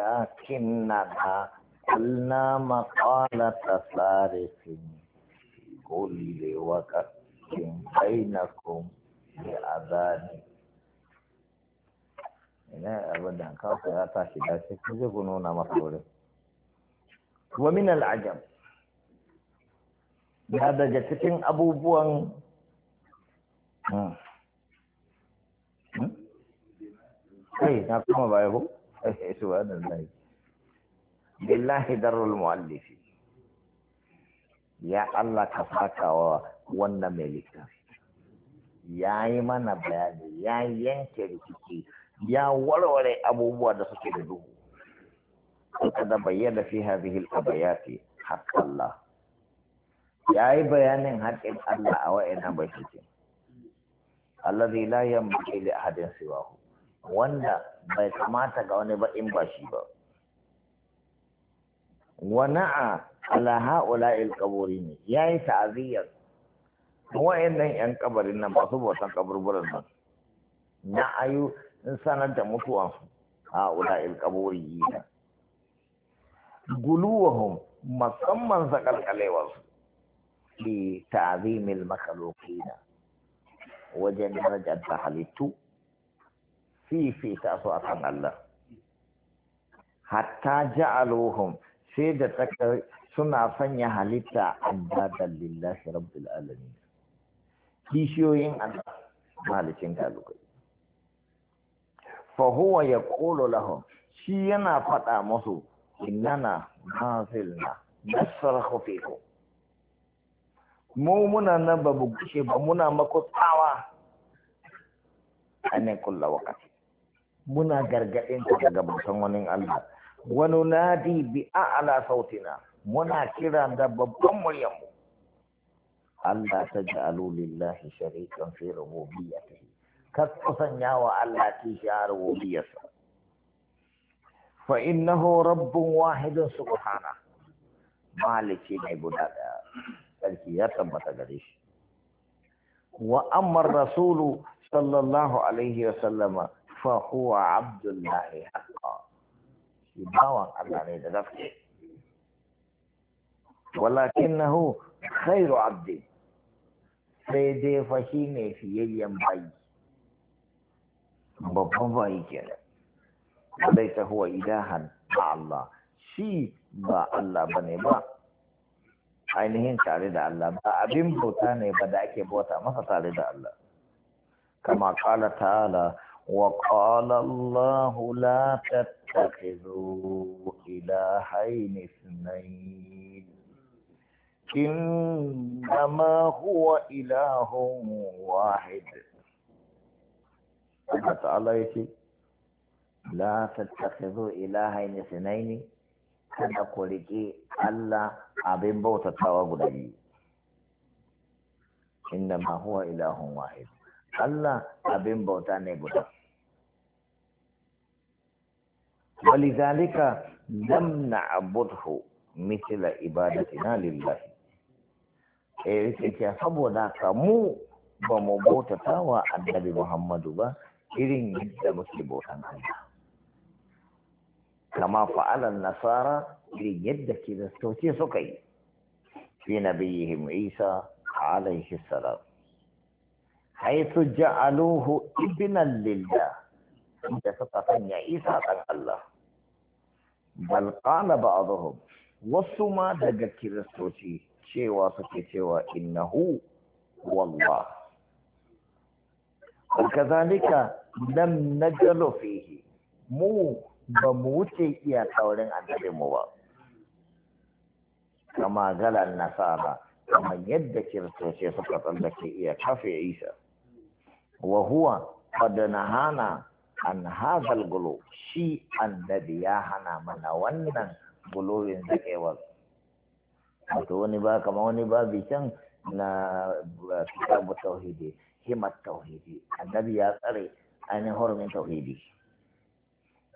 لكننا قلنا مقالة صارف كل وقت بينكم بأذان ina abin da kawai ya tashi da shi kun zai ku nuna masa wurin wa min al'ajab ya daga cikin abubuwan kai na kuma baya ko subhanallahi billahi darul muallifi ya Allah ka saka wa wannan mai littafi ya yi mana bayani ya yanke rikici ya warware abubuwa da suke da duhu da bayyana fi hadhihi al-abayati haqq Allah ya yi bayanin haƙƙin Allah a wa'ina bai Allah zai la yamma ahadin siwahu wanda bai kamata ga wani ba in ba shi ba wa na'a ala ha'ula'il yi yayi wa'in nan yan kabarin nan ba su bautan kaburburan nan na ayu in sanar da mutuwan su ha'ula'il qaburin guluwahum musamman zakalkalewar su ta'azimil makaloki na. wajen darajar da halittu fifita su akan Allah hatta ja'aluhum sai da taka suna sanya halitta addadan lillahi rabbil alamin kishiyoyin Allah malikin kalukai fa huwa yaqulu lahum shi yana faɗa musu innana nazilna nasrahu fikum mu muna nan ba mu gushe ba muna makotawa a ne kulla wakati muna gargaɗin ka daga bautan wani Allah wani nadi bi a'la sautina muna kira da babban mu Allah ta ja'alu lillahi sharikan fi rububiyyatihi ka kusanya wa Allah kishiyar rububiyarsa fa innahu rabbun wahidun subhana maliki ne guda daya sarki ya tabbata gare shi wa amma rasulu sallallahu alaihi wa sallama فهو عبد الله حقا يباوك على عميد دفكي ولكنه خير عبد سيدي فشيني في يليم باي بابا باي كده وليس هو إلها مع الله شي با الله بني با عينهين تعالي دا الله با أبين بوتاني بدأك بوتا ما تعالي دا الله كما قال تعالى وقال الله لا تتخذوا إلهين اثنين إنما هو إله واحد الله تعالى يقول لا تتخذوا إلهين اثنين kada ku riƙe Allah abin bautatawa guda biyu inna ma huwa ilahun wahid Allah abin bauta ne guda ولذلك لم misila mitila na lillahi. E, yake saboda ka mu ba mu bautata wa annabi Muhammadu ba irin yadda muke bautan Allah kama fa'alan nasara irin yadda kiristoci suka yi fi nabiyihim Isa alaihi salam haitu ja'aluhu ibnan Lilla, da suka sanya isa ɗan Allah bal qala wasu ma daga kiristoci cewa suke cewa innahu wallah kazalika nan na fihi mu ba mu wuce iya kaurin annabi mu ba kama galan nasara kamar yadda kiristoci suka tsallake iya kafe isa wa huwa qad hana an hadhal gulu shi annabi ya hana mana wannan gulurin zakewar wato wani ba kamar wani ba can na kitabu tauhidi himar tauhidi annabi ya tsare ainihin hurumin tauhidi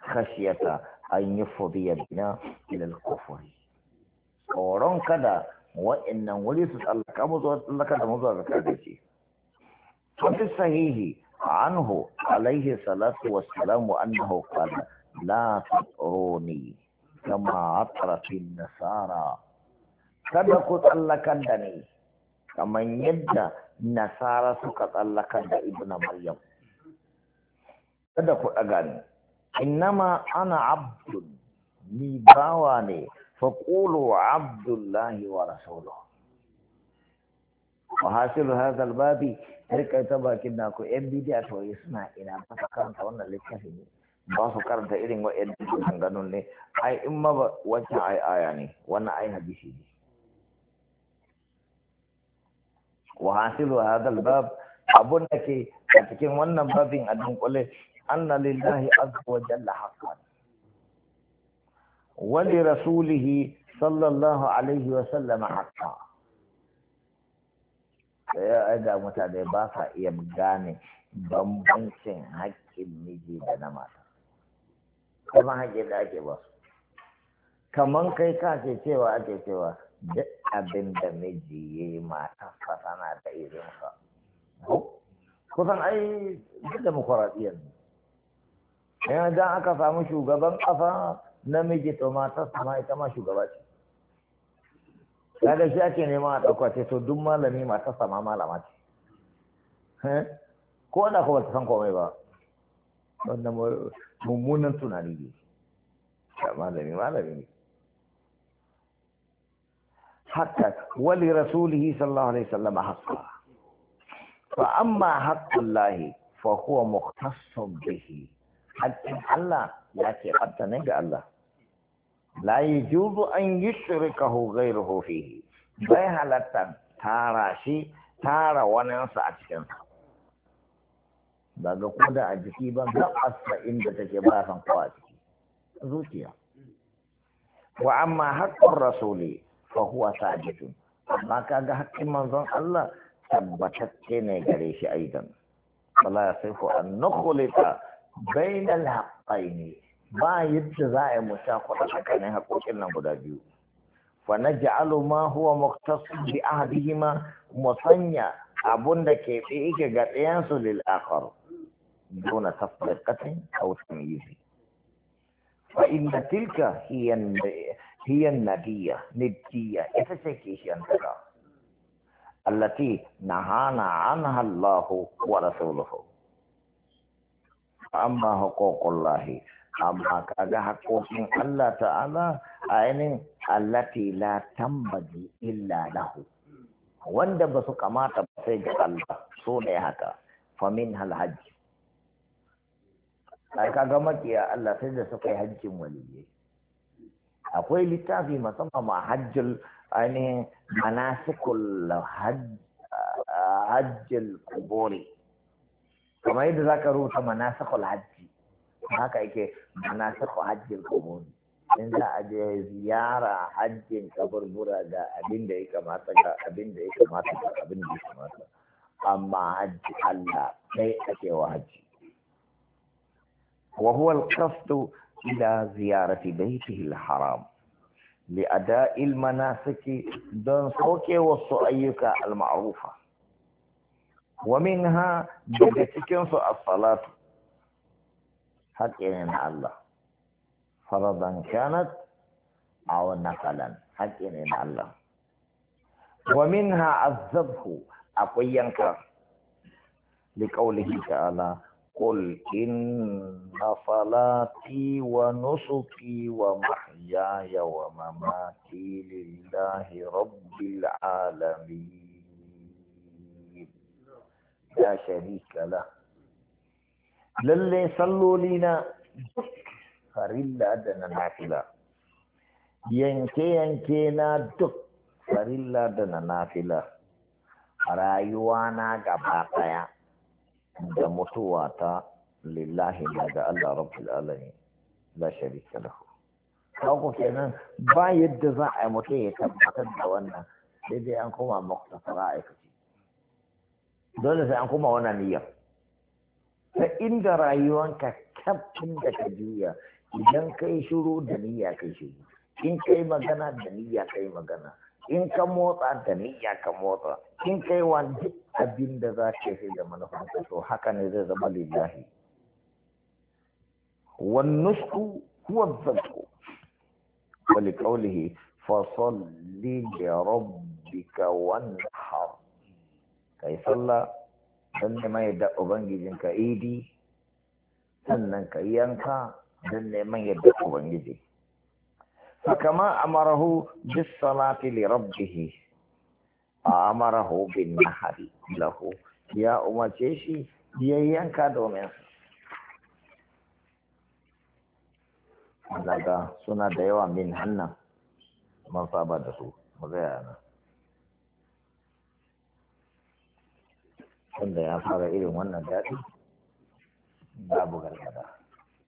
khashiyata an yi fudiya bina ilal kufuri tsoron kada wa'annan wuri su tsallaka mu zuwa tsallaka da mu zuwa zakar da shi وفي الصحيح عنه عليه الصلاة والسلام أنه قال لا تطروني كما عطر النصارى صدق تلك دني كما يد نصارى سكة تلك ابن مريم صدق أغاني إنما أنا عبد نباواني فقولوا عبد الله ورسوله وحاصل هذا الباب rika ta bakin na ku yan bidiya tauri suna ina ba su karanta wannan littafi ne ba su karanta irin wa'yan ganin ne ai in ma ba wancan ai aya ne wannan ai hadisi ne wa hasilu hada albab abun da ke a cikin wannan babin a dunkule anna lillahi azza wa jalla haqqan wa li rasulihi sallallahu alaihi wa sallama haqqan ya ga mutane ba sa iya gane bambancin haƙƙin miji da na mata kuma haƙƙin da ake ba su kaman kai ka ce cewa ake cewa duk abin da miji ya yi mata fasana da irinsa kusan ai duk demokuraɗiyyar ne yanzu aka samu shugaban ƙasa namiji to matarsa ma ita ma shugaba ce kaga shi ake nema a ɗauka ce to duk malami masu sama malama ce ko da kuma ta san komai ba wannan mummunan tunani ne malami malami ne hatta wali rasulihi sallallahu alaihi wasallam haqqa fa amma haqqullahi fa huwa mukhtassun bihi haqqin Allah ya ce ne ga Allah la yajuzu an yushrikahu ghayruhu fihi bai halatta tara shi tara waninsa a cikin ba ga koda a jiki ba gabasa inda take ba san kowa a ciki zuciya wa amma haƙƙin rasuli fa huwa sabitun amma kaga haƙƙin manzon Allah tabbatacce ne gare shi aidan wala yasifu an na bainal haqqaini ba yadda za a yi mu sha kuɗa tsakanin haƙoƙin nan guda biyu fa na naj'alu ma huwa muqtasid bi ahdihima musanya abun da ke tsaye ga ɗayan su lil akhar duna tafriqatin aw tamyiz fa inna tilka hiya hiya nadiya nidiya ita ce ke shi an daga allati nahana anha Allah wa rasuluhu amma huququllahi amma kaga haƙoƙin Allah ta'ala ainihin allati la tambaji illa lahu wanda ba su kamata ba sai ga Allah so ne haka famin hal hajji ai kaga makiya Allah sai da suka yi hajjin waliyyi akwai littafi musamman ma hajjul ainihin manasikul hajjul kubori kamar yadda za ka rubuta manasikul hajji haka yake أنا سخو حج القبور إن ذا أجي زيارة حج قبر برا ذا أبين ذي كما أبين ذي كما أبين ذي كما أما حج الله شيء أجي وحج وهو القصد إلى زيارة بيته الحرام لأداء المناسك دون صوك وصوئيك المعروفة ومنها بدتك الصلاة حد إلينا الله فرضا كانت أو نقلا حد إلينا الله ومنها الذبح أبو ينكر لقوله تعالى قل إن صلاتي ونسكي ومحياي ومماتي لله رب العالمين لا شريك له lalle salloli na duk farilla da na nafila yanke yanke na duk farilla da na nafila rayuwa na gaba daya da mutuwa ta lillahi ga Allah rabbul alamin la sharika lahu kawo kenan ba yadda za a yi mutu ya tabbatar da wannan sai dai an koma maktasara aikaci dole sai an kuma wannan niyyar ta inda rayuwanka kyaftin da ka juya idan kai shiru da niyya yi shiru in kai magana da niyya kai magana in ka motsa da niyya ka motsa in kai wa duk abin da za ka yi da manufanka to haka ne zai zama lillahi wannusku huwa wali qawlihi fasalli li rabbika ka kai sallah don neman yadda ubangijin ka idi sannan ka yanka don neman yadda ubangiji fakama amarahu bis salati li rabbihi a amarahu bin lahu ya umarce shi ya yanka domin daga suna da yawa min hannan ma saba da su mu zai yana wanda ya fara irin wannan daɗi babu gargada